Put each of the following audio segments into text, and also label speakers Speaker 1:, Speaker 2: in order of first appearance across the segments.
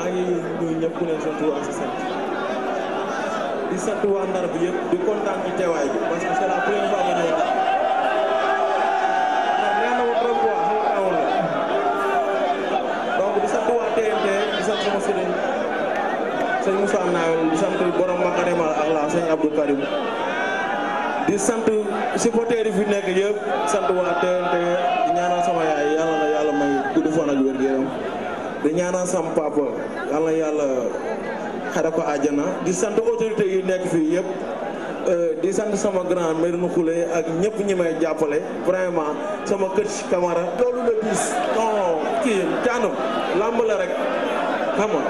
Speaker 1: maa ngi ñëpp ku leen seen tur sant di sant waa Ndar bi yëpp di kontaan ci teewaay bi parce que c'est la première fois nga ñëw Ndar ndax trop quoi xaw la donc di sant TNT di sant sama sëriñ Moussa di sant borom ak la Abdou Karim di sant supporters yi fi nekk yëpp sant TNT di ñaanal sama yaay di ñaanal sama papa yàlla yàlla xare ko àjjana di sant autorité yu nekk fii yëpp euh, di sant sama grand mère Ndoukhoulé ak ñëpp ñi may jàppale vraiment sama kër ci camara loolu la diis non kii caanam làmb la rek xam nga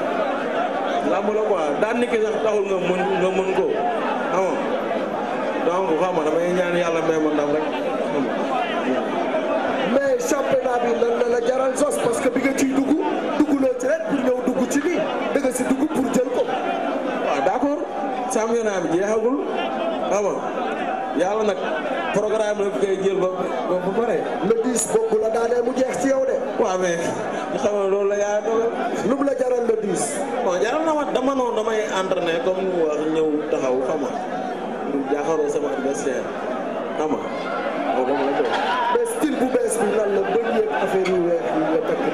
Speaker 1: làmb la quoi daan ni sax taxul nga mën nga mën ko xam nga donc xam nga damay ñaan yàlla may ma ndam rek mais championnat
Speaker 2: bi lan la jaral sos parce que
Speaker 1: xam nga nag programme la koy jël ba ba ba pare. le bokk la daanee mu jeex ci yow de. waaw mais xam nga loolu la yaa dogal. lu mu la jaral le 10. bon jaral na ma dama noonu damay entraîné comme mu wax ñëw taxaw xam nga jaaxaroo sama adversaire xam nga loolu la ko mais style bu bees bi lan la ba ñëpp affaire yu weex yi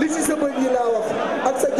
Speaker 1: li
Speaker 2: ci sa bëñ laa wax ak sa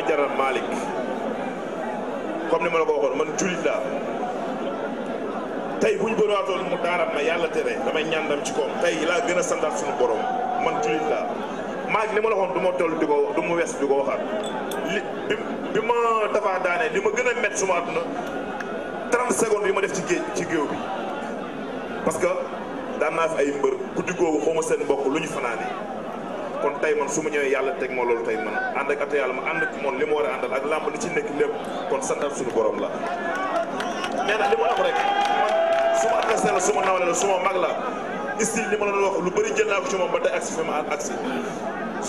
Speaker 3: ma jaral Malick comme ni ma la ko waxoon man jullit laa tey buñ bëriwaatoon mu daaram ma yàlla tere damay ñaan ci koom tey laa gën a sandaat suñu borom man jullit laa maag li ma la waxoon du ma di ko du wes di ko waxaat li bi bi ma dafa daanee li ma gën a met suma àdduna 30 secondes yi ma def ci géej ci géew bi parce que daan naa fi ay mbër guddi googu xaw seen mbokk lu ñu fanaane kon tey man su ma ñëwee yàlla teg moo loolu tey man ànd ak at yàlla ma ànd ak moom li ma war a àndal ak làmb li ci nekk lépp kon santal suñu borom la nee na li ma wax rek su ma adversaire la su ma nawle la su ma mag la style li ma la doon bëri jël naa ko ci moom ba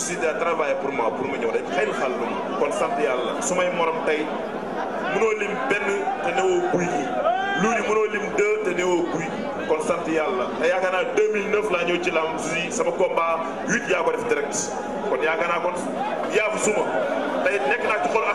Speaker 3: si da travail pour ma pour ma ñëw rek xëy na lu ma kon sant yàlla su may morom tey mënoo lim benn te newoo guy gi luuli mënoo lim deux te newoo guy kon sant yàlla te yaakaar naa 2009 laa ñëw ci lamb si sama combat 8 yaa ko def direct kon yaakaar naa kon yaa fa suma tey nekk naa ci xol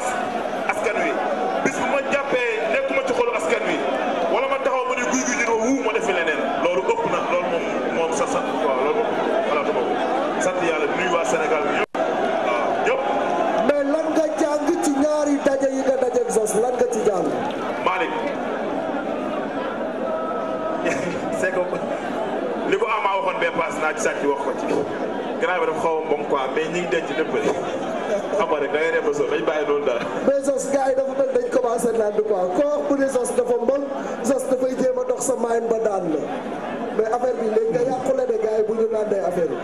Speaker 3: naa ci sàcc wax ko ci grand bi dafa xaw a bon mais ñi ngi denc lépp rek xam nga rek da ngay dem ba sos bàyyi noonu dara.
Speaker 2: mais sos sa maay ba daan la mais affaire bi léegi nga yàqule ne gars bu ñu naan day affaire bi.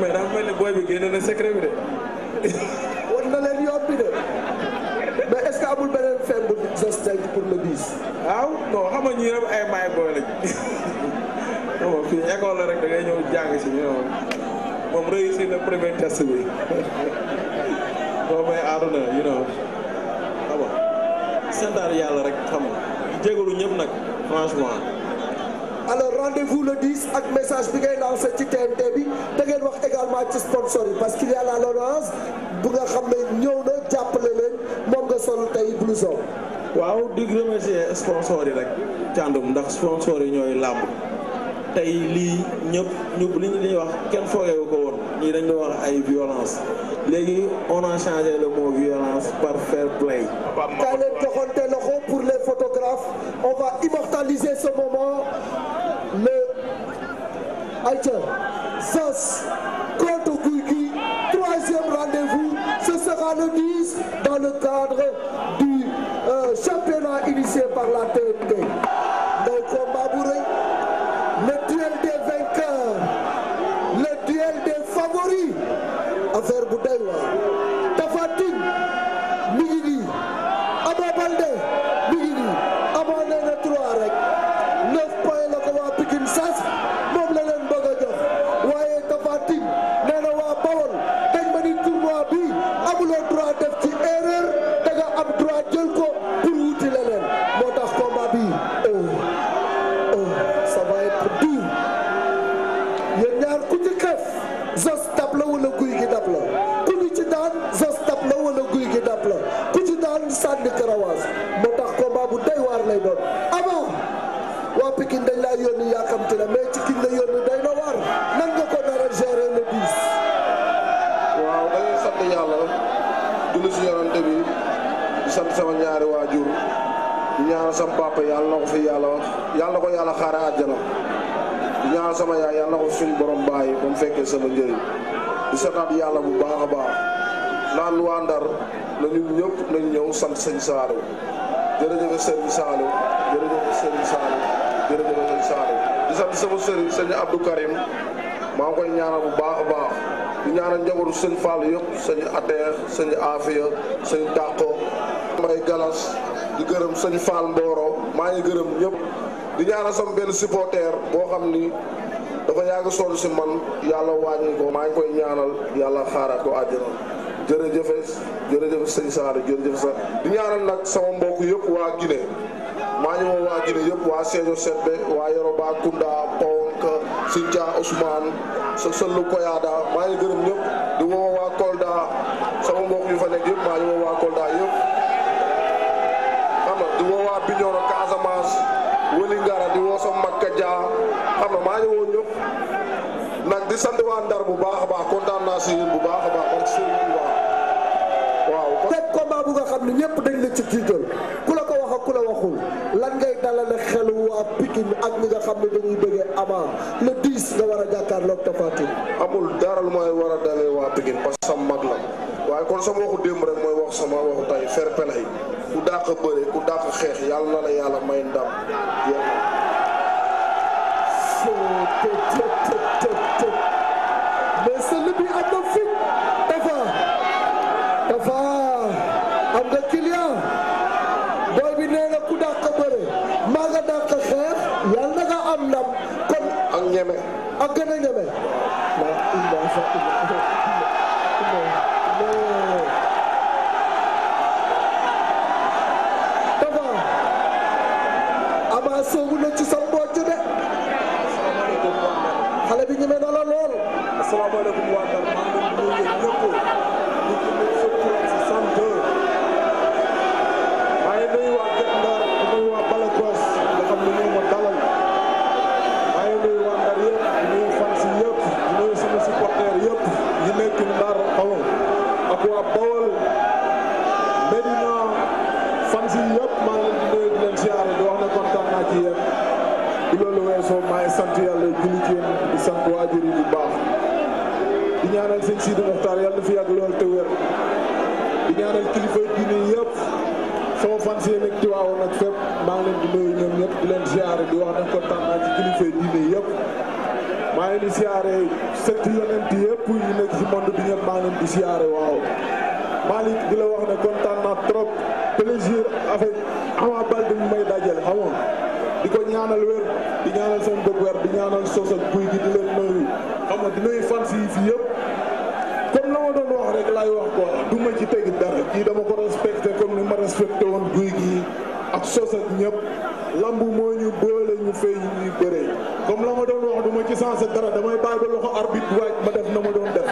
Speaker 1: mais daa mel booy bi génne na secret bi de.
Speaker 2: wan na leen yoon bi de mais est-ce que amul beneen fin bu sos denc pour
Speaker 1: le 10. waaw non xam nga ñii ay maay booy lañ. xam fii école la rek da ngay ñëw jàng si ñu ne moom réussir na premier test bi boo may aaduna you know xam nga santaar yàlla rek xam nga jégalu ñëpp nag franchement
Speaker 2: alors rendez-vous le 10 ak message bi ngay lancé ci TNT bi da wax également ci sponsor yi parce que y a la Lonase bu nga
Speaker 1: xam ne ñëw na jàppale leen moom nga sol tey blouson waaw di remercier sponsor yi rek càndum ndax sponsor yi ñooy làmb tay li ñëpp ñu li ñu ñuy wax kenn foogeewu ko woon ñii dañ doon wax ay violence léegi on a changé le mot violence par fair play ka leen joxante loxo pour les
Speaker 2: photographes on va immortaliser ce moment le ayca sas contre Gouy troisième rendez-vous ce sera le 10 dans le cadre du euh, championnat initié par la TNT sama yaay yàlla ya ko suñ borom bàyyi ba sama di sataat yàlla bu baax a baax naan waa ndar nañu ñëpp nañ ñëw sant jere Saliou jërëjëf sëriñ Saliou jërëjëf di sant sama Abdou Karim maa koy ñaanal bu baax a di ñaanal njabootu sëñ Fall yëpp sëñ Ateer sëñ Afia sëñ Dàqo may galas di gërëm Fall Mboro ngi gërëm di ñaanal sama supporter ni dafa yàgg sonn si man yàlla wàññi ko maa ngi koy ñaanal yàlla xaaral ko àjjana jërëjëf jërëjëf sëñ Saare jërëjëf sa di ñaanal nag sama mbokk yëpp waa Guinée maa ngi woo waa Guinée yëpp waa Sédhiou Sebbe waa Yoroba Kounda Ponk Sintia Ousmane Sëllu Koyada maa ngi gërëm ñëpp di woo waa sama mbokk yu fa nekk di sant waa Ndar bu baax a baax kontaan naa si bu baax a baax ak Serigne Touba waaw. teg combat bu nga xam ne ñëpp dañ la ci jiital ku la ko wax ak ku la waxul lan ngay dalale xelu waa Pikine ak ñi nga xam ne dañuy bëggee Ama le 10 nga war a jàkkaarloog Tapha Tine. amul dara lu may war a dalee waa Pikine parce que sama mag la waaye kon sama waxu démb rek mooy wax sama waxu tay fair play ku dàq bëre ku dàq xeex yàlla na la yàlla may ndam yéen. I've got 50. Sidi Mokhtar yàlla na fi yàgg lool te wér di ñaanal kilifa diine yëpp sama fan si nekk ci waawoon ak fépp maa ngi leen di nuyu ñoom ñëpp di leen siyaare di wax nañ kontaan ci kilifa diine yëpp maa ngi di siyaare sët yonent yëpp yi nekk si monde bi ñëpp maa leen di siyaare waaw Malick di la wax ne kontaan naa trop plaisir avec Ama Baldé mi may dajal xam nga di ko ñaanal wér di ñaanal seen bëgg wér di ñaanal sos ak guy di leen nuyu xam nga quoi du ma ci teg dara kii dama ko respecté comme ni ma respecté woon guy gi ak sos ak ñëpp lamb moo ñu boole ñu fay ñuy bëree comme la ma doon wax du ma ci sensé dara damay bàyyi ba loxo arbitre waaj ma def na ma doon def.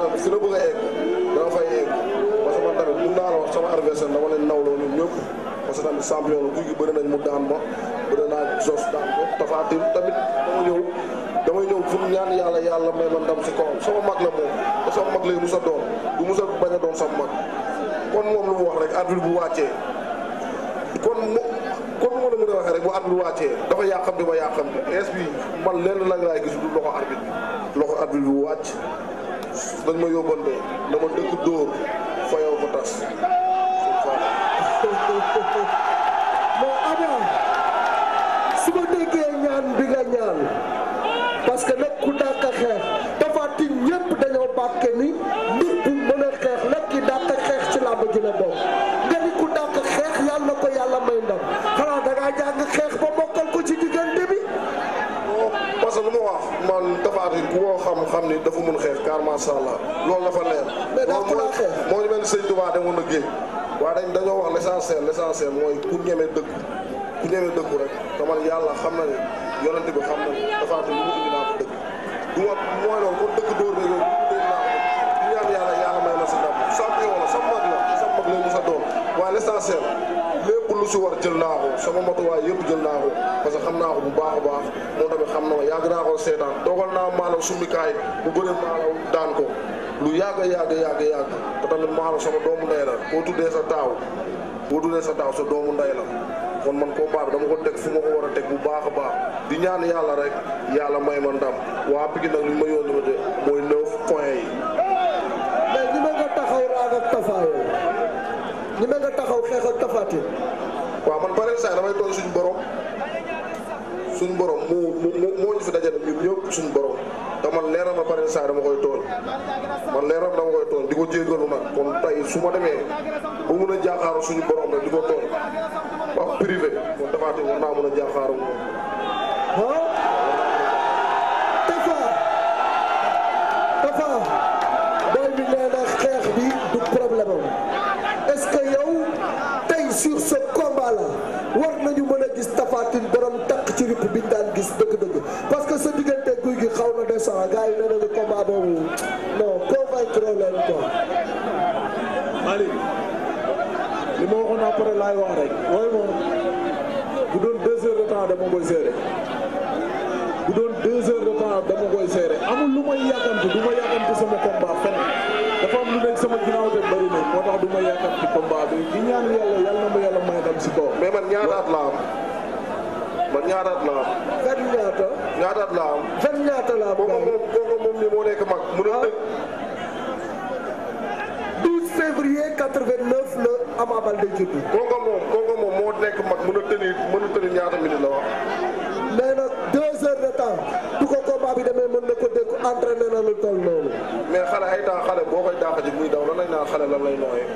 Speaker 2: naa na fi la bëgg a egg dama fay egg parce que man tamit mun naa la wax sama adversaire dama leen nawloo ñun ñëpp parce que tamit champion la guy gi bëri nañ mu daan ma bëri naa jos daan ko dama ñëw damay ñëw fu ñaan yàlla yàlla may man dam si kawam sama la moom te sama mag lay musa doon du musa bañ a doon sama mag kon moom lu mu wax rek arbitre mo kon moo la mën a waxee rek bu arbitre wàccee dafa yàqam bi ba yàqam bi es bi man lenn la laay gis du loxo arbitre bi loxo arbitre bu wàcc nag ma yóbbante dama dëkk dóor fa ko tas mais Ada su ma déggee ñaan bi ñaan parce que nag ku dàq xeex ni dafa mun xeex car macha allah loolu la fa leer. mais daa mel ni sëñ Tuubaa demoon na géej waaye dañ dañoo wax l'essentiel l'essentiel mooy ku ñeme dëkk ku ñeme dëkku rek dama yàlla xam na ne yonent bi xam na ne dafa am lu mu indi naa ko dëkk du ma mooy loolu kon dëkk dóor beeg yooyu bu dee naa ko ñaan yàlla yàlla may na si ndam champion la sa mag la sa mag la mu waaye l'essentiel. si war jël naa ko sama matuwaay yëpp jël naa ko parce que xam naa ko bu baax a baax moom tamit xam na ma yàgg naa ko seetaan dogal naa maanaam summikaay bu bëri maanaam daan ko lu yàgg yàgg yàgg yàgg te tamit maanaam sama doomu ndey la boo tuddee sa taaw boo tuddee sa taaw sa doomu nday la kon man combat bi dama ko teg fi ma ko war a teg bu baax a baax di ñaan yàlla rek yàlla may ma ndam waa Pikine nag li ma yónni ba de mooy neuf points yi. mais ñi ma nga taxaw raag ak waaw man pare saa damay tooñ suñu borom suñu borom moo moo ñu fi dajale ñun ñëpp suñu borom te man leeram na pare saa dama koy tooñ man leeram dama koy tooñ di ko jéggalu nag kon tay su ma demee ba mun a jaaxaaru suñu borom rek di ko tooñ wax privé kon dafaati war naa mun a jaaxaaru moom quoi gars yi nee nañu combat boobu non convaincre leen quoi. Malick li ma waxoon après laay wax rek mooy moom bu doon deux heures de temps dama koy seere bu doon deux heures de temps dama koy seere amul lu may yàkkamti du ma yàkkamti sama combat fenn dafa am lu nekk sama ginnaaw te bëri moo tax du ma yàkkamti combat bi di ñaan yàlla yàlla na ma yàlla may dem si kaw. mais man ñaanaat laa am. ñaata at la am. vingt ñaata. ñaata am. vingt ñaata la am moom moom moom mu ne 12 ah. février 89 la Ama Baldé judd. moom moo nekk mag mën a tenir mën a tenir ñaata minute la wax. nee deux heures de temps du ko combat bi demee mën na ko dégg entraîné na lu toll noonu. mais xale ay temps xale boo koy dàq ji muy daw lan lay naan xale lan lay nooyee.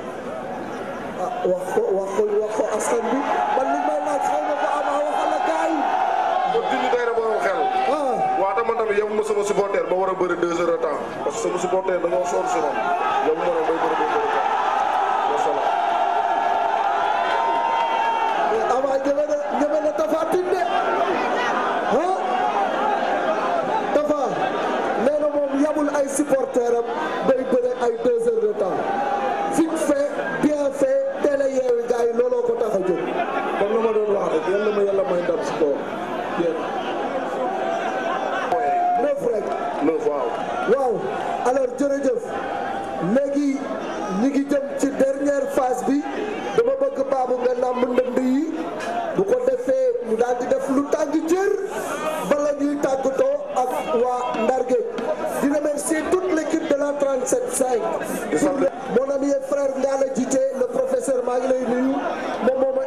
Speaker 2: ah wax ko wax ko wax bi man li may yabuma sama supporter ba war a bëri deux heures de temps parce que sama supporter dañoo sonn si moom yabuma ne bay bëri ba bëri wasalaam. mais avant ñeme na ñeme na Tapha Tine de ah Tapha nee na moom yabul ay supporter am. mon ami et frère Ndale Djité le professeur maa ngi mon moment moom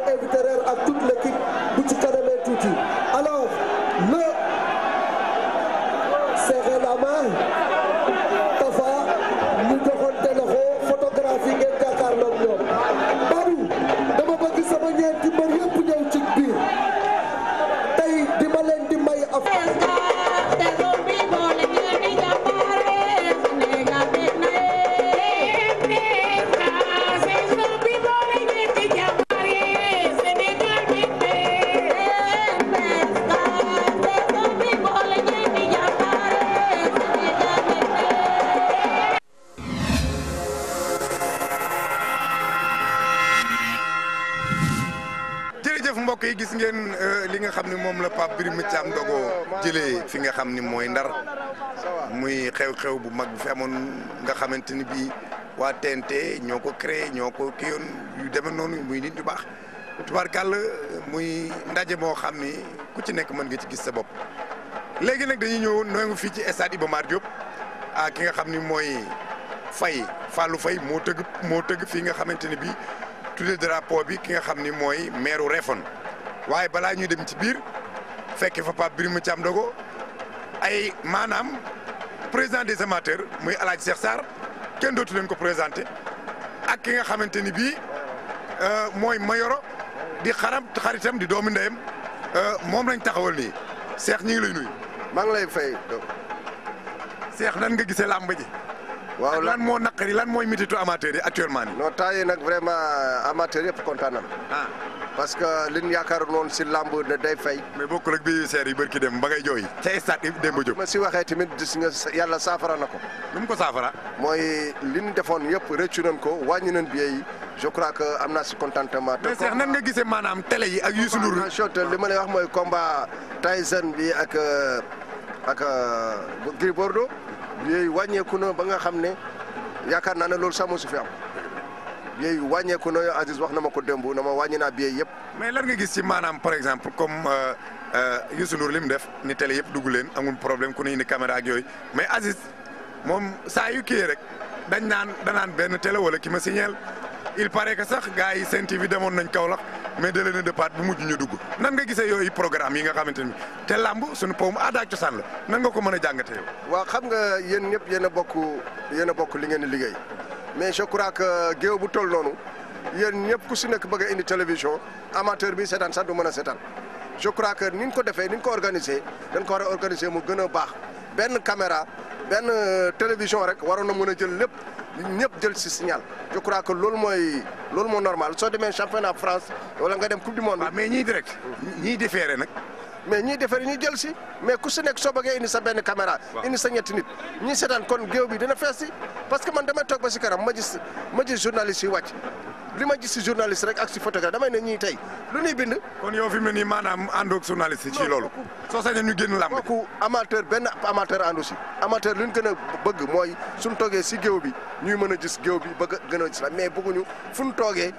Speaker 2: à toute l'équipe bu ci kanamee tuuti
Speaker 4: mag bi nga xamante ni bii waa TNT ñoo ko créé ñoo ko kii yoon yu demee noonu muy nit ñu baax tubaarkàll muy ndaje moo xam ni ku ci nekk mën nga ci gis sa bopp. léegi nag dañuy ñëw noo fii ci stade Iba Mar Diop ah, ki nga xam ni mooy fay Fallou fay moo tëgg moo tëgg fii nga xamante ni bii tudde drapeau bi ki nga xam ni mooy maire Réfone waaye balaa ñuy dem ci biir fekk fa Pape Birima Thiam Dogo ay maanaam. président des amateurs muy El Hadj Cheikh kenn dootu leen ko présenté ak ki nga xamante ni bii euh, mooy Mayoro di xaram xaritam di doomu ndeyam euh, moom lañ taxawal nii Cheikh ñi ngi lay nuyu. maa ngi lay fay donc.
Speaker 5: Cheikh nan nga gisee làmb ji. waaw lan moo naqari lan mooy mititu amateur yi actuellement nii. non temps yii nag vraiment amateur yëpp kontaan na. parce que lin ñu noon si làmb da day fay. mais bokkul ak bi seer yi barki dem ba ngay jooy ca stade yi démb jóg. ma si waxee tamit gis nga yàlla saafara na ko. nu mu ko saafara. mooy li ñu defoon yëpp rëccu nan ko wàññi nañ billets je crois que am na si contentement. te mais Cheikh nan nga gisee maanaam télé yi ak Youssou Ndour. li ma lay wax mooy combat Tyson bi ak euh, ak euh, Gris Bordeaux billets yi wàññeeku na ba nga xam ne yaakaar naa ne loolu sax moo su am. billet yi wàññeeku na Aziz wax na ma ko démb na ma wàññi naa billet yëpp. mais lan nga gis ci maanaam par
Speaker 4: exemple comme euh, euh, Youssou Ndour li mu def ni télé yëpp dugg leen amul problème ku ne indi caméra ak yooyu mais Aziz moom saa yu kii rek dañ naan danaan benn télé wala ki ma signal il paraît que sax gars yi Sen TV demoon nañ Kaolack mais da leen a départ bu mujj ñu dugg nan nga gisee yooyu programme yi nga xamante ni te lamb suñu powum aada ak cosaan la nan nga ko mën a jàngatee
Speaker 5: yow. xam nga yéen ñëpp yéen a bokk yéen a bokk li ngeen liggéey. mais je crois que géew bu toll noonu yéen ñëpp ku si nekk bëgg a indi télévision amateur bi seetaan sax du mën a seetaan je crois que ni ñu ko defee ni ñu ko organisé dañ ko war a organisé mu gën a baax benn caméra benn euh, télévision rek waroon na mën a jël lépp ñëpp jël si signal je crois que loolu mooy loolu moo normal soo demee championnat France wala nga dem coupe du monde. mais ñiy direct ñiy différé nag. mais ñiy defar ñu jël si mais ku si nekk soo bëggee indi sa benn caméra. indi sa ñetti nit ñi seetaan kon géew bi dana fees si parce que man damay toog ba si kanam ma gis ma gis yi wàcc li ma gis si journaliste rek ak si photographe damay ne ñii tey lu ñuy bind. kon yow fi mu ne nii maanaam àndoog journaliste yi. ci loolu soo sañoon ñu génn làmb. kooku amateur benn amateur àndu si amateur lu ñu gën a bëgg mooy suñ toogee si géew bi ñuy mën a gis géew bi bëgg gën a gis la mais bëgguñu fu toogee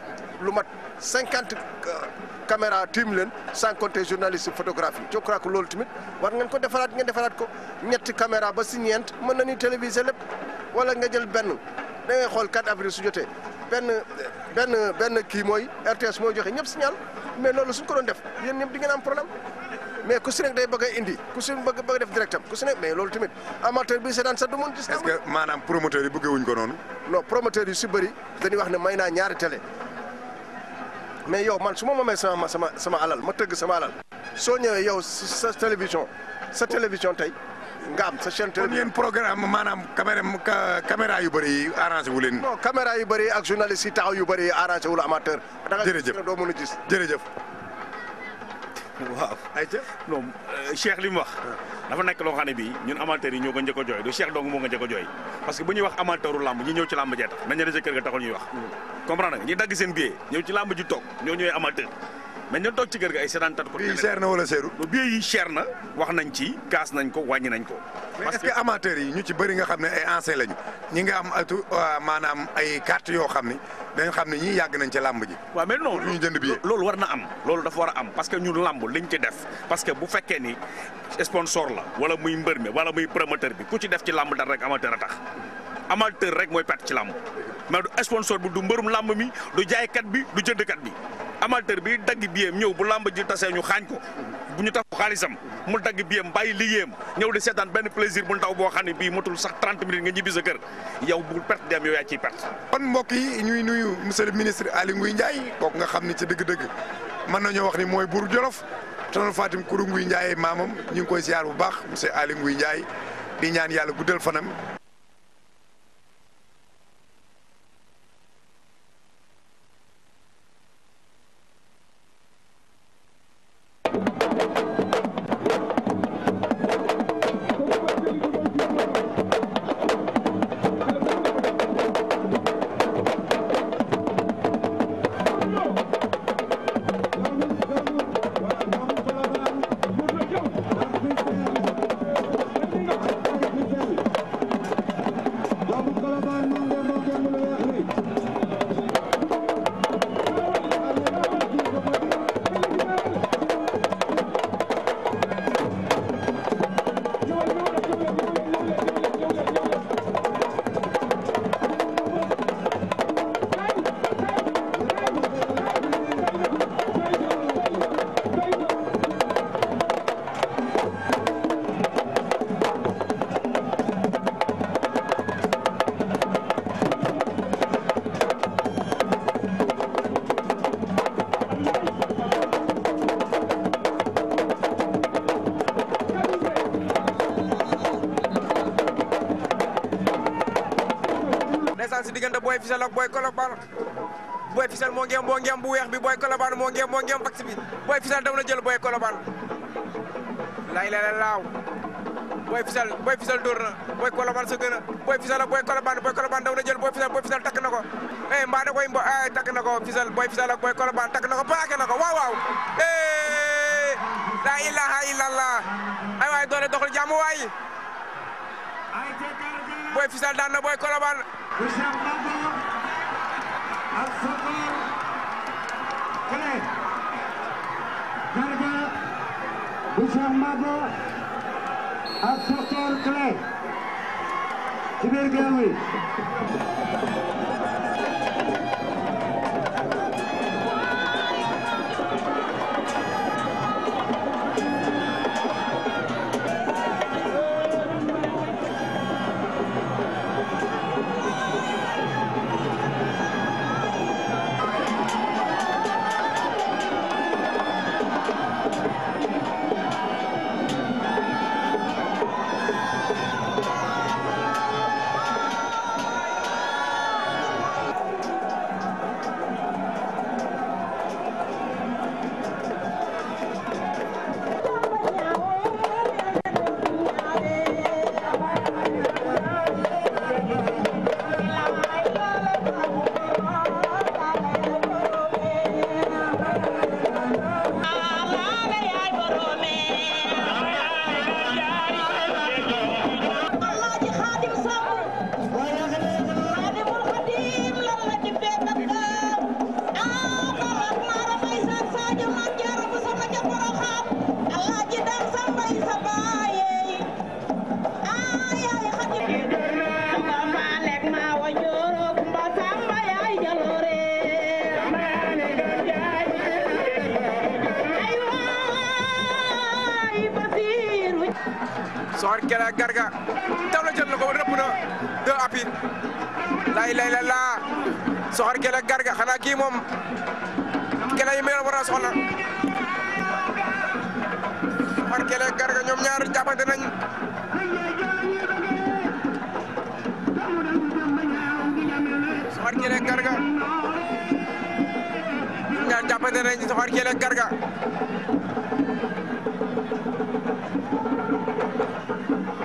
Speaker 5: lu mat cinquante euh, caméra tiim leen sans compter journaliste photographie je crois que loolu tamit war ngeen ko defaraat ngeen defaraat ko ñetti caméra ba si ñeent mën nañu téléviser lépp wala nga jël benn da ngay xool 4 avril su jotee benn benn kii mooy RTS mooy joxe ñëpp signal mais loolu suñ ko doon def yéen ñëpp problème mais ku day bëgg a indi ku si bëgg def directam ku mais loolu tamit amateur bi seetaan sax du mun
Speaker 4: maanaam promoteur yi bëggewuñ ko noonu.
Speaker 5: non promoteur si bëri dañuy wax ne may naa ñaari télé. mais yow man su ma moomee sama sama sama alal ma tëgg sama alal soo ñëwee yow sa télévision sa télévision tey nga am sa chaîne télévision. kon yéen programme maanaam caméra caméra yu bëri yi arrangé wu leen. non caméra yu bëri ak journaliste si taxaw yu bëri yi arrangé wu la amateur. jërëjëf da nga doo mën a gis jërëjëf.
Speaker 3: waaw. ayca non euh, Cheikh li mu wax. Ah. dafa nekk loo xam ne bii ñun amateurs yi ñoo ko njëkk a jooy du Cheikh dong moo parce que bu ñuy wax amateuru làmb ñi ñëw ci làmb jee tax nañ la ga taxul ñuy wax mm. comprendre ñi dagg seen billet ñëw ci làmb ji ñoo ñëwee amateur mais ñoo toog ci kër gi ay seetaantat ko. bii cher na yi cher na wax nañ ci kaas nañ ko wàññi nañ ko. parce que est
Speaker 4: amateurs yi ñu ci bëri nga xam ne ay anciens lañu ñi nga am atu euh, maanaam ay carte yoo xam ne
Speaker 3: dañ xam ne ñii yàgg nañ ci làmb ji. waaw mais non ñu jënd bi loolu war na am loolu dafa war a am parce que ñun làmb liñ ci def parce que bu fekkee ni sponsor la wala muy mbër mi wala muy promoteur bi ku ci def ci làmb dara rek amateur a tax amateur rek mooy perte ci làmb. mais du sponsor bi du mbërum làmb mi du jaaykat bi du jëndkat bi amateur bi dagg biyem ñëw bu làmb ji tasee ñu xaañ ko bu ñu tax xaalisam mu dagg biyem bay liyem ñëw di seetaan benn plaisir bu ndaw boo xam ne bii motul sax 30 minutes nga ñibbi sa kër yow bu perte dem yow yaa ciy perte.
Speaker 4: kon mbokk yi ñuy nuyu monsieur le ministre Aly Ngouille Ndiaye kooku nga xam ci dëgg-dëgg mën nañoo wax ni mooy buur Jolof Fatim Kourou Ngouille Ndiaye maamam ñu ngi koy ziar bu baax monsieur Aly Ngouille Ndiaye di ñaan yàlla guddal fanam
Speaker 6: Fissel ak Boy Colobane Boy Fissel moo ngeem moo ngeem bu weex bi Boy Colobane moo ngeem moo ngeem bax bi Boy Fissel daw na jël Boy Colobane lay lay laaw Boy Fissel Boy Fissel dóor na Boy Colobane sa gën a Boy Fissel ak Boy Colobane Boy Colobane daw na jël Boy Fissel Boy Fissel takk ko eh mbaa da koy mbo ay eh, takk na ko Fissel Boy Fissel ak Boy Colobane na ko paake na ko waaw waaw eh la ilaha illallah ay waay doole doxul jàmm waay
Speaker 7: Hisham Mago ak Docteur Clé ci biir géew wi
Speaker 6: Kera Garga taw la jël na ko rëpp na deux appuis lay lay la laa soxor Kera Garga xanaa kii moom Kera yi meeloon war a soxla soxor Kera Garga ñoom ñaar jàppante nañ soxor Kera Garga.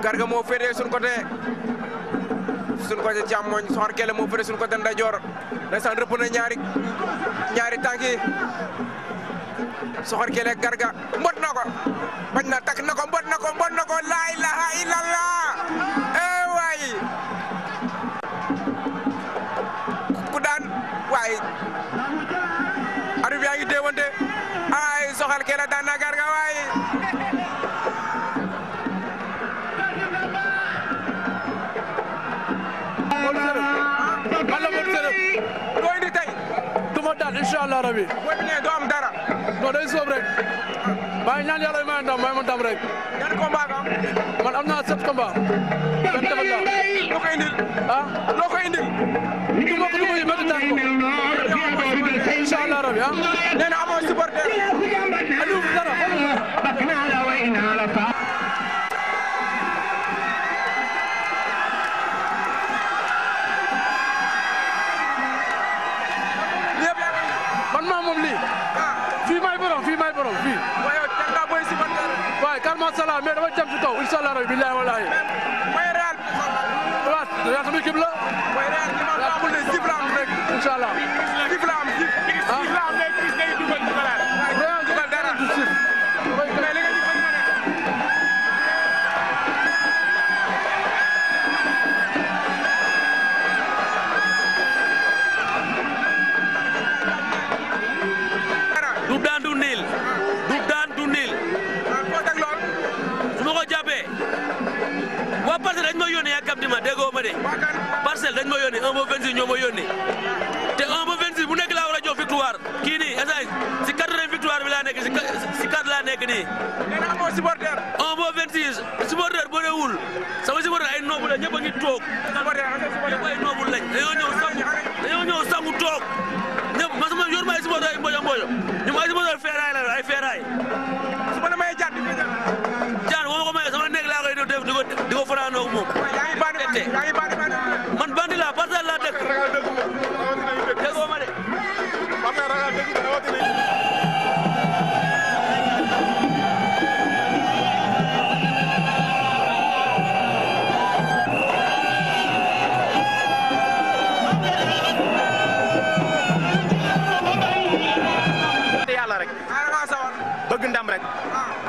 Speaker 6: Garga moo féetee suñ côté suñ côté càmmoñ Soxar moo féetee suñ côté ndeyjoor ndeysaan rëpp na ñaari ñaari tànk yi Garga mbot na ko bañ na takk na ko mbot na ko mbot na ko laa ilaha illallah allah rabi. booy bi ne doo am dara. non day soob rek. maa ngi ñaan yàlla may ndam may ma ndam rek. yan combat nga am. man am naa sept combat. benn defal la. loo koy indil. ah loo koy indil. du ma ko du ma yëngati daan ko. incha allah rabi ah. nee na amoo supporter. Aliou dara
Speaker 2: xool.
Speaker 6: masala mais dama jëm ci kaw incha allah rabi billahi wallahi mooy Real waaw Real sama équipe la mooy Real li ma xamul ne Zibra rek incha allah
Speaker 1: ma de parcelle dañ ma yónnee 1 ba 26 ñoo ma yónnee te 1 ba 26 bu nekk laa war a jox victoire kii nii instant si quatrième victoire bi laa nekk si si quatre
Speaker 6: laa nekk nii. nee naa amoo supporter. 1 ba 26 supporter boo dee wul sama supporter ay noobu la ñëpp a ngi toog. supporter ñëpp ay noobu lañ dañoo ñëw sangu dañoo ñëw sama yor ma ay supporter ay mbojo ñu ma ay supporter feeraay la ay feeraay. jaan di ko ma ko sama nekk laa arrêté man bandi laa Parcelles ndam rek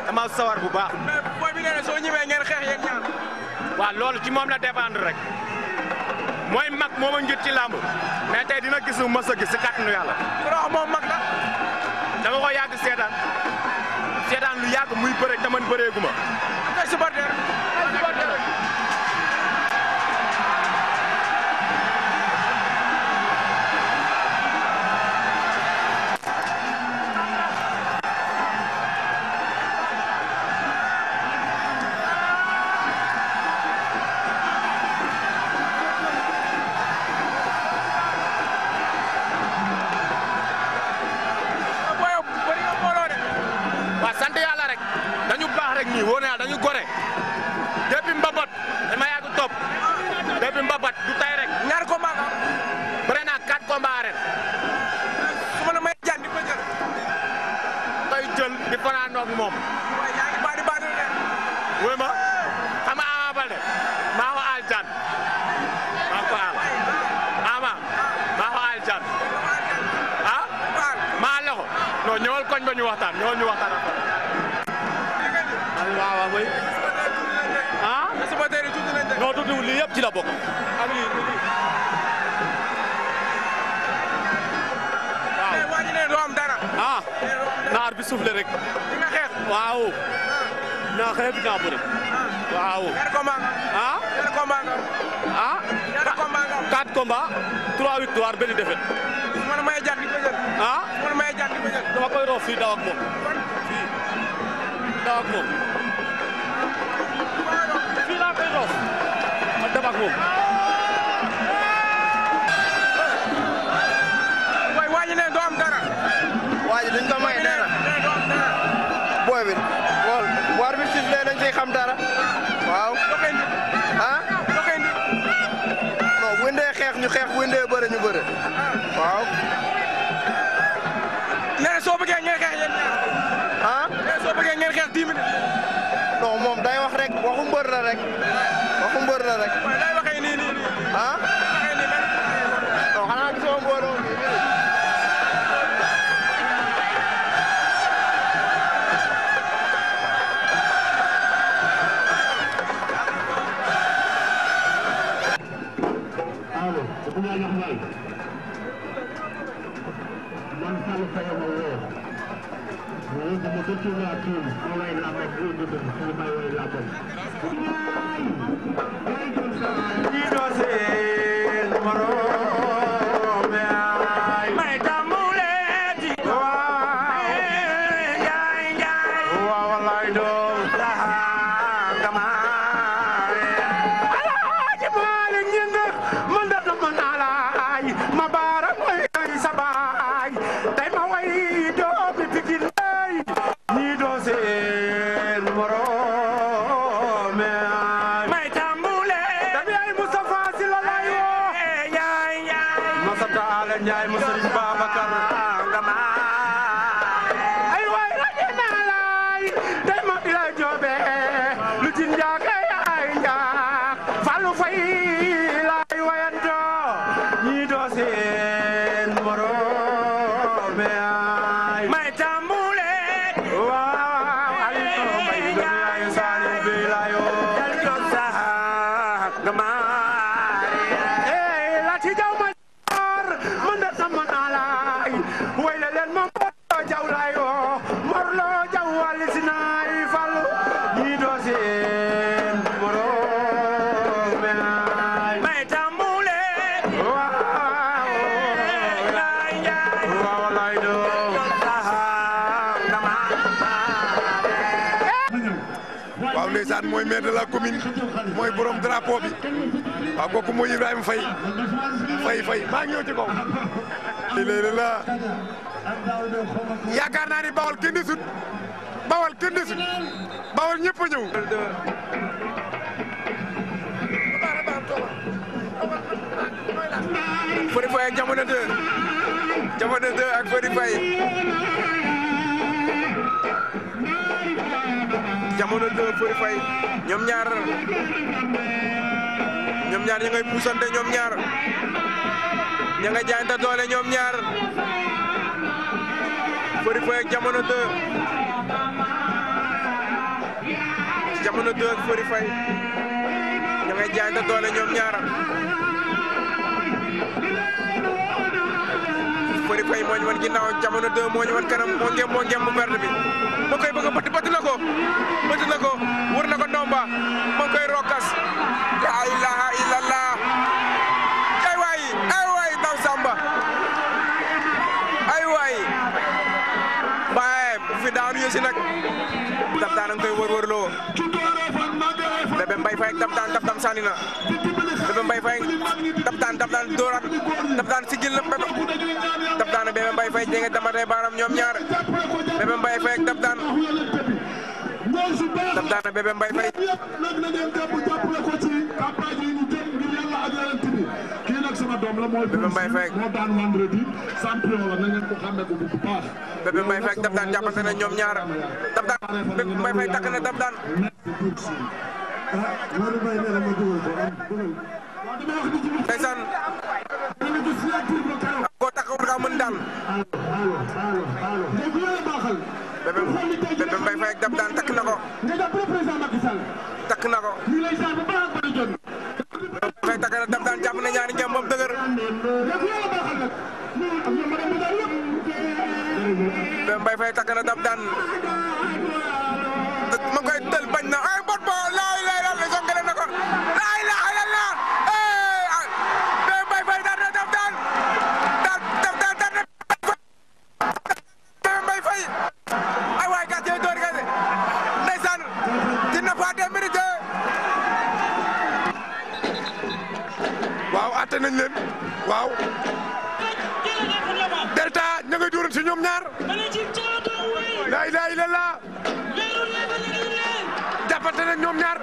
Speaker 6: dama sawar bu baax. mais booy soo ñëwee ngeen xeex yéen ñaar waaw loolu ci moom la dépendre rek mooy mag moo ma njët ci làmb mais tey dina gis lu mës a gis si yàlla. Rox moom mag la dama ko yàgg
Speaker 3: seetaan lu yàgg muy bëre te man bëreegu ma.
Speaker 6: tey supporter wuy ma xam nga Ama Baldé maa
Speaker 7: maa ko aal Ama maa maa la
Speaker 1: ko non koñ ba ñu waxtaan ñëwal ñu waxtaan
Speaker 6: ak waaw waaw mooy ci la bokk. ak naar bi soufflé rek. waaw. na xeeb na bëri waaw. ñaari combat ah ñaari combat nga ah ñaari combat nga quatre combat trois victoire benn défaite man may jàpp di ko jël ah man may jàpp di ko jël dama koy roof fii daw ak moom fii daw ak moom fii laa koy roof ma daw ak moom waay waaji ne doo am dara waaji duñ ko may dara booy bi sifflé dañ ciy xam dara waaw. ah.
Speaker 2: non bu indee xeex ñu xeex bu indee bëre ñu bëre
Speaker 6: waaw. nee na soo bëggee ngeen xeex yéen ah
Speaker 2: nee ngeen xeex 10 minutes. non moom day wax rek waxu la rek waxu mbër la rek. ah.
Speaker 1: Thank you.
Speaker 6: wayla leen ma morloo jaw lay oo morloo jaw wàlli si naay fallu ñii doo seen moroom menaay may tambule waaw lay
Speaker 4: njaay waaw lay doo taxaw dama waaw ndeysaan mooy maire de la commune mooy borom drapeau bi waaw kooku mooy Ibrahima Faye Faye Faye maa ngi ñëw ci kaw yaakaar naa ni bawal kenn desut bawal
Speaker 6: kenn bawal ñëpp ñëw. Fodé Faye ak jamono 2 jamono 2 ak Fodé Faye jamono 2 Fodé Faye ñoom ñaar ñoom ñaar ñu ngay puusante ñoom ñaar. ña nga jaayante doole ñoom ñaar Fodé Faye ak Jamono 2 Jamono 2 ak Fodé Faye ña nga doole ñoom ñaar Fodé Faye moo ñu wan Jamono 2 moo ñu kanam moo ngem moo ngem bu verte bi moo koy bëgg wër koy la ilaha illallah daptaan daptaan sànni na Bébé Mbaye Faye daptaan doran, dooraat daptaan sigil na Bébé daptaan Bébé Mbaye Faye jege damatee baaram ñoom ñaar Bébé Mbaye Faye ak daptaan daptaan Bébé Mbaye Faye doom la mooy Bébé Mbaye Faye moo daan vendredi champion la na ngeen ko xàmme ko bu baax Bébé Mbaye Faye daf daan na ñoom ñaar daf daan Bébé Mbaye Faye na daf ndeysaan ko taxawal nga mën daan Bébé Bébé Mbaye Faye ak Dab Daan takk na ko takk na ko Faye takk na Dab Daan jàpp na ñaari njam bam dëgër Bébé Mbaye Faye takk na Dab Daan atte nañ leen waaw
Speaker 4: delta ña ngay si ñoom ñaar laa ilaaha illallaah
Speaker 6: jàppante nañ ñoom ñaar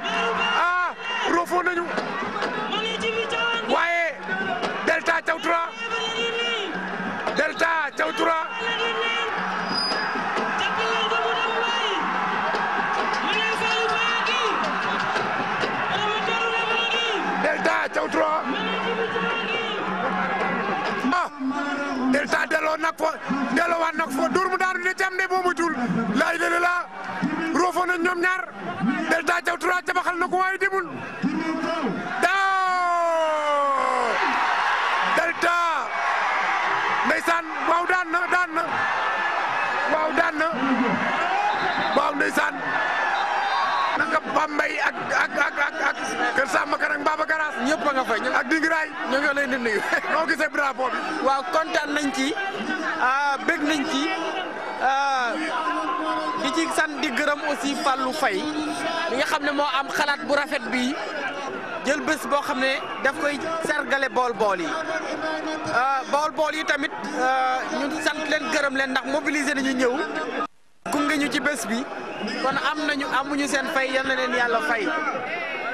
Speaker 6: a ah, roofoo nañu waaye delta cawtura delta cawtura
Speaker 4: delloo nag fa delloowaat nag fa dóor mu daanu de cam de boo moytuwul laay lële laa roofoo nañ ñoom ñaar delta jaw turaa jabaxal na ko waaye demul
Speaker 7: Babacar As ñëpp a nga fay ñun ak Dingiraay ñu ngi leen di nuyu noo gisee drapeau bi. waaw kontaan nañ ci ah bég nañ ci ah, di ci sant di gërëm aussi Fallou Faye mi nga xam ne am xalaat bu rafet bi jël bés boo xam ne daf koy sargale bool-bool yi ah, bool-bool yi tamit ah, ñu sant leen gërëm leen ndax mobiliser nañu ñëw gunge ñu ci bés bi kon am nañu amuñu seen fay yal leen yàlla fay.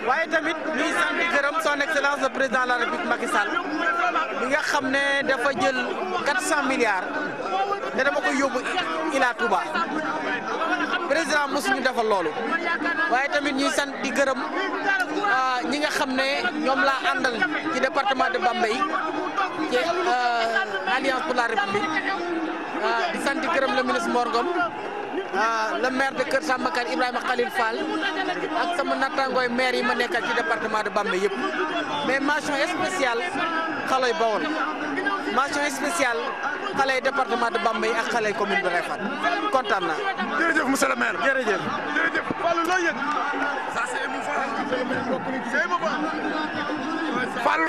Speaker 7: waaye tamit ñuy sant di gërëm son excellence le président de la république Macky Sall bi nga xam ne dafa jël 400 milliards ne dama koy yóbbu Ila Touba président mosuñu defal loolu waaye tamit ñuy sant di gërëm euh, ñi nga xam ne ñoom laa àndal ci département de Bambey
Speaker 2: ci euh, alliance pour la république euh, di sant di gërëm le ministre Mor
Speaker 7: Ah, le maire de Kër Samba Ibrahima Khalil Fall ak sama nattangooy maire yi ma nekkal ci département de Bambey yëpp mais mention spéciale xale yu Bawol mention spéciale xale yu département de Bambey ak xale commune de Réfane kontaan naa. jërëjëf monsieur le maire jërëjëf. jërëjëf Fallou loo yëg.
Speaker 6: ça c'est émouvant. c'est émouvant. Fallou.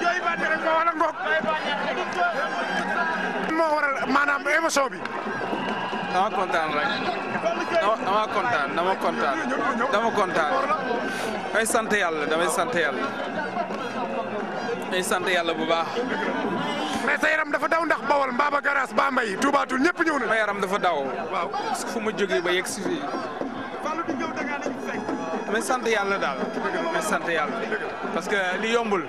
Speaker 6: jooy ba tere ko wala moo waral maanaam émotion bi. dama kontaan rek dama kontaan dama kontaan dama kontaan damay sant yàlla damay sant yàlla damay sant yàlla bu baax. mais sa yaram dafa daw ndax Bawol Mbaba Garaas Bambey Touba Toul ñëpp ñëw na. ma yaram dafa daw. waaw fu ma jógee ba yegg si damay sant yàlla daal parce que li yombul.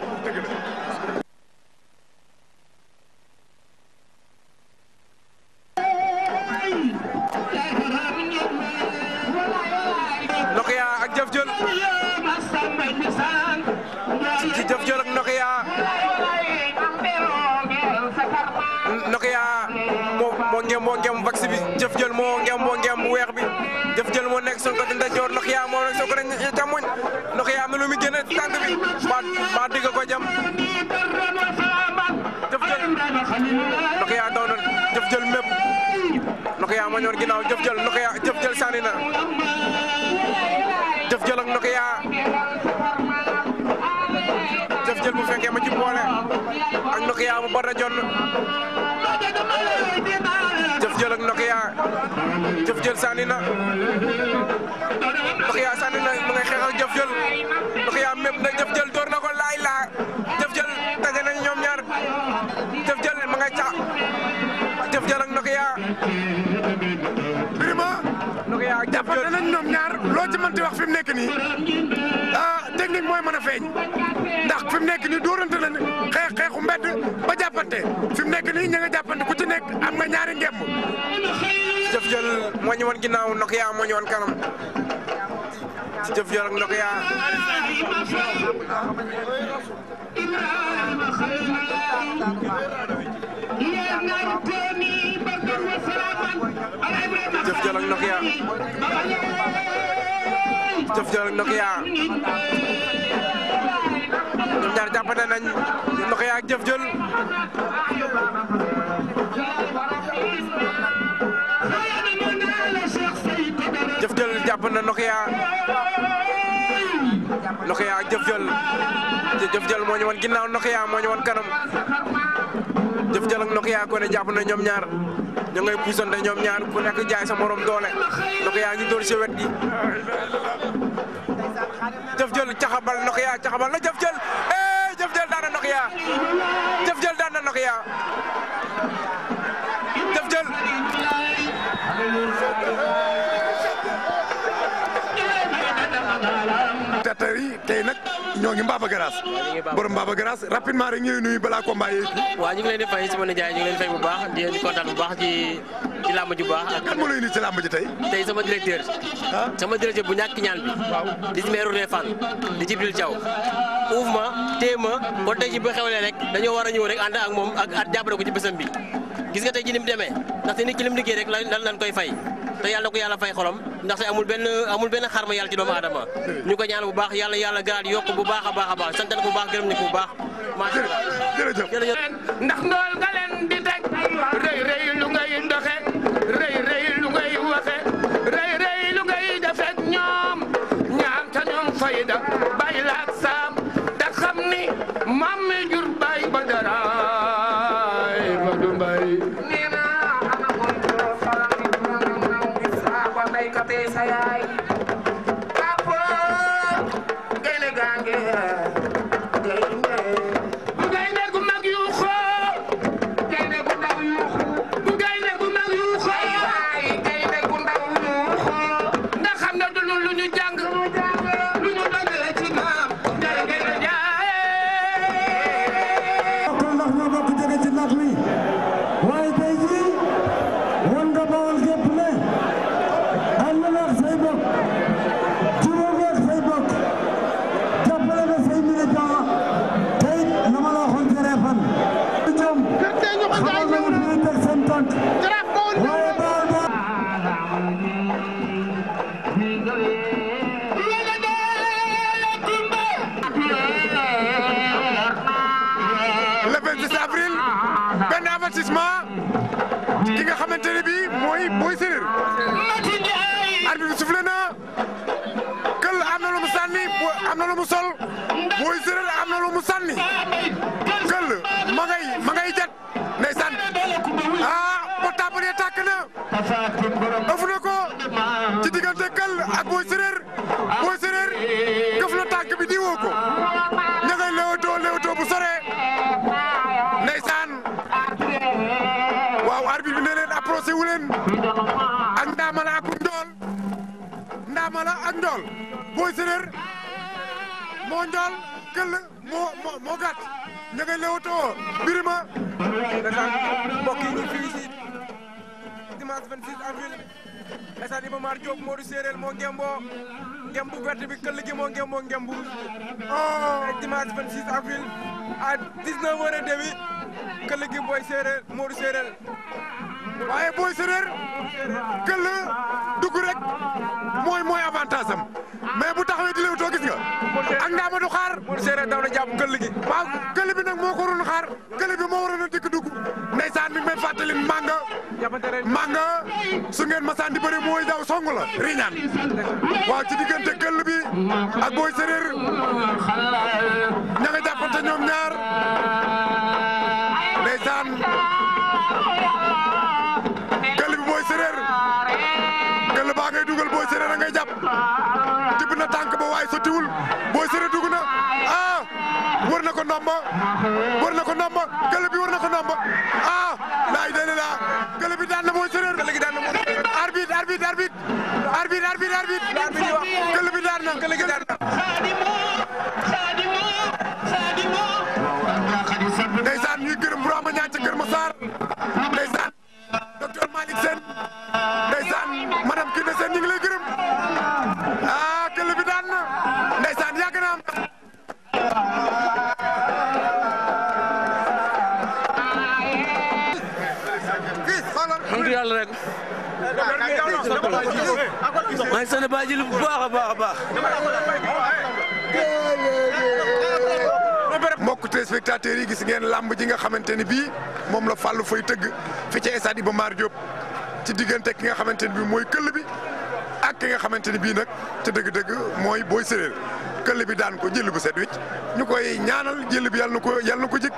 Speaker 6: ko rek càmmoñ ndox yi am lu muy génne tànk bi ba ba ko jam jëf jël ndox yaa daw na jëf ñor ginnaaw jëf jël ndox yaa na jëf jël ak ndox yaa jëf jël fekkee ma ci boole ak ndox mu bari na jot jëf ak ndox yaa jëf jël na Nokia sànni na mu ngay xeex Jëf Jël Nokia mépp na Jëf Jël door na ko laay laa Jëf Jël tase nañ ñoom ñaar Jëf Jël ma nga ca Jëf Jël ak Nokia. Birima. Nokia ak Jëf Jël jàppante nañ ñoom ñaar loo ci mënti wax fi mu nekk nii
Speaker 4: ah technique mooy ma a feeñ ndax fi mu nekk nii dóorante nañ xeex xeexu mbedd
Speaker 6: ba jàppante fi mu nekk nii ña ku ci nekk am nga ñaari ngemb. Jëf Jël moo ñu woon ginnaaw Nokia moo ñu woon ci jëf jorok ndok ya
Speaker 7: jëf jorok ndok ya
Speaker 6: jëf jorok ndok ya ñoom ñaar jàppante nañ ndok ya ak jëf jël jàpp Nokia Nokia ak Jëf Jël Jëf Jël moo ñu woon Nokia moo ñu woon kanam Jëf Jël ak Nokia ko ne jàpp na ñoom ñaar ñu ngay puusante ñoom ñaar ku nekk jaay sa morom doole Nokia ñu dóor si wet gi Jëf Jël caxabal Nokia caxabal na Jëf Jël eh Jëf Jël daan Nokia Jëf Jël daan Nokia
Speaker 4: tey nag ñoo ngi Mbaba Garage borom Mbaba Garage rapidement rek ñooy nuyu balaa combat yi
Speaker 7: waaw ñu ngi leen di fay ñu ngi leen fay bu baax di leen kontaan bu baax ci ci làmb ji baax ak kan lay ci sama directeur sama directeur bu ñàkk ñaan bi di meeru Réfane di Jibril Thiaw uuf ma téye ma ba tey ji ba rek dañoo war ñëw rek ànd ak moom ak at jàppale ko ci bésam bi gis nga tey ji ki rek lan lan koy fay te yàlla ko yàlla fay xolam ndaxte amul benn amul benn xarma yàlla ci doomu aadama ñu ko ñaan bu baax yàlla yalla garaat yokk bu baax a baax a baax santan ko bu baax gërëm ni ko bu baax macha allah jërëjëf jërëjëf ndax ndool nga leen di tey
Speaker 4: am na lu mu sol mooy séréer am na lu mu sànni këll ma ngay ma ngay jat ndeysaan ah ba tàmbalee tàkk na
Speaker 6: moo njool këll moo moo moo gàtt ña ngay lewatoo birima ndeysaan mbokk yi ñu fii si dimanche 26 avril ndeysaan Iba Mar Diop Modou Séeréer moo ngemboo ngemb bu bi këll gi moo ngemboo ngemb oh dimanche 26 avril à 19 heures et demi këll gi booy séeréer Modou Séeréer waaye booy séeréer këll dugg rek mooy mooy avantage am mais bu taxawee di léewtoo gis nga ak ndaamatu xaar séeréer na jàpp këll gi waaw
Speaker 4: këll bi nag moo ko waroon xaar këll bi moo waroon a dikk dugg ndeysaan mi ngi may fàttali manga manga su ngeen masaan di bëri mooy daw song la riñaan waaw ci diggante këll bi ak booy séeréer ña nga jàppante ñoom ñaar ndeysaan booy séeréer a ngay jàpp tibb na tànk ba waaye sottiwul booy séeréer dugg na ah war na ko ndomba war na ko ndomba gëlë bi
Speaker 6: na ko ndomba ah laay dee la gëlë daan na booy séeréer arbitre arbitre arbitre arbitre arbitre arbitre gëlë bi daan na
Speaker 7: maa ngi sant Baye Djily bu baax a baax a baax.
Speaker 4: mbokk téléspectateurs yi gis ngeen làmb ji nga xamante ni bii moom la Fallou Faye tëgg fi ci stade ba Mar Diop ci diggante ki nga xamante ni bii mooy këll bi ak ki nga xamante ni bii nag ca dëgg-dëgg mooy booy Séréer. këll bi daan ko jël bu set wicc ñu koy ñaanal jël bi yàlla na ko yàlla na ko jik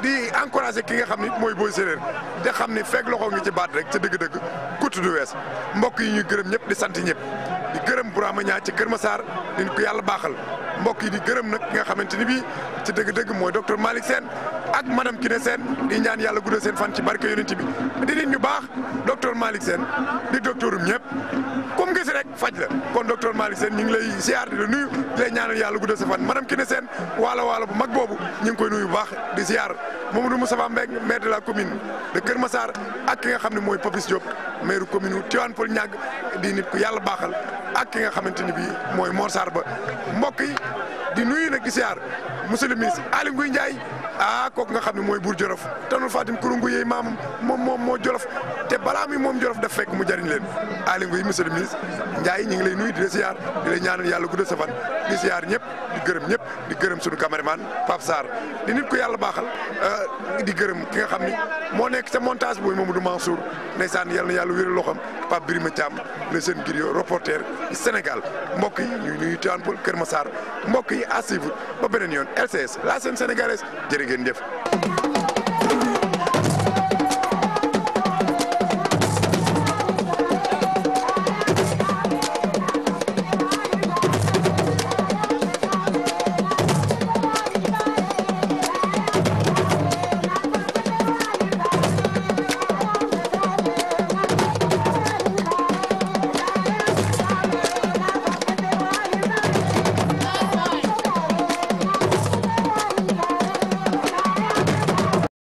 Speaker 4: di encouragé ki nga xam ni mooy booy Séréer di xam ni fekk loxo ngi ci baat rek ca dëgg-dëgg kutt du wees mbokk yi ñuy gërëm ñëpp di sant ñëpp di gërëm Bourama ñaar ci Kër saar di ko yàlla baaxal mbokk yi di gërëm nag ki nga xamante ni bii ci dëgg-dëgg mooy docteur Malick seen ak madame Kiné seen di ñaan yàlla guddal seen fan ci barke yonent bi di nit ñu baax docteur Malick Sène di docteurum ñëpp comme gis rek faj la kon docteur Malick seen ñu ngi lay ziar di la nuyu di lay ñaanal yàlla guddal sa fan madame Kiné Sène waalo waalo bu mag boobu ñu ngi koy nuyu bu baax di ziar Mamadou Moustapha Mbeng maire de la commune de Kër Massar ak ki nga xam ne mooy Papis Diop maire commune u Tivaouane Peulh Niaga di nit ku yàlla baaxal ak ki nga xamante ni bii mooy Mor ba mbokk yi di nuyu nag di ziar monsieur le ministre Aly Ngouille Ndiaye ah kooku nga xam ne mooy buur tanul fatim kurungu yey mam moom moom moo jolof te balaa mi moom jolof daf fekk mu jariñ leen Aly Ngouille monsieur le ministre Ndiaye ñu ngi lay di la di la ñaanal yàlla guddal sa di siyaar ñëpp di gërëm ñëpp di gërëm sunu cameraman Pape Sarr di nit ko yàlla baaxal ah, di gërëm ki nga xam ni moo nekk ca montage booy Mamadou Mansour na loxam Birima le reporter Senegal mbokk yi ñuy nuyu Tivaouane Peulh Kër Massar mbokk yi à ba yoon la ngeen jëf.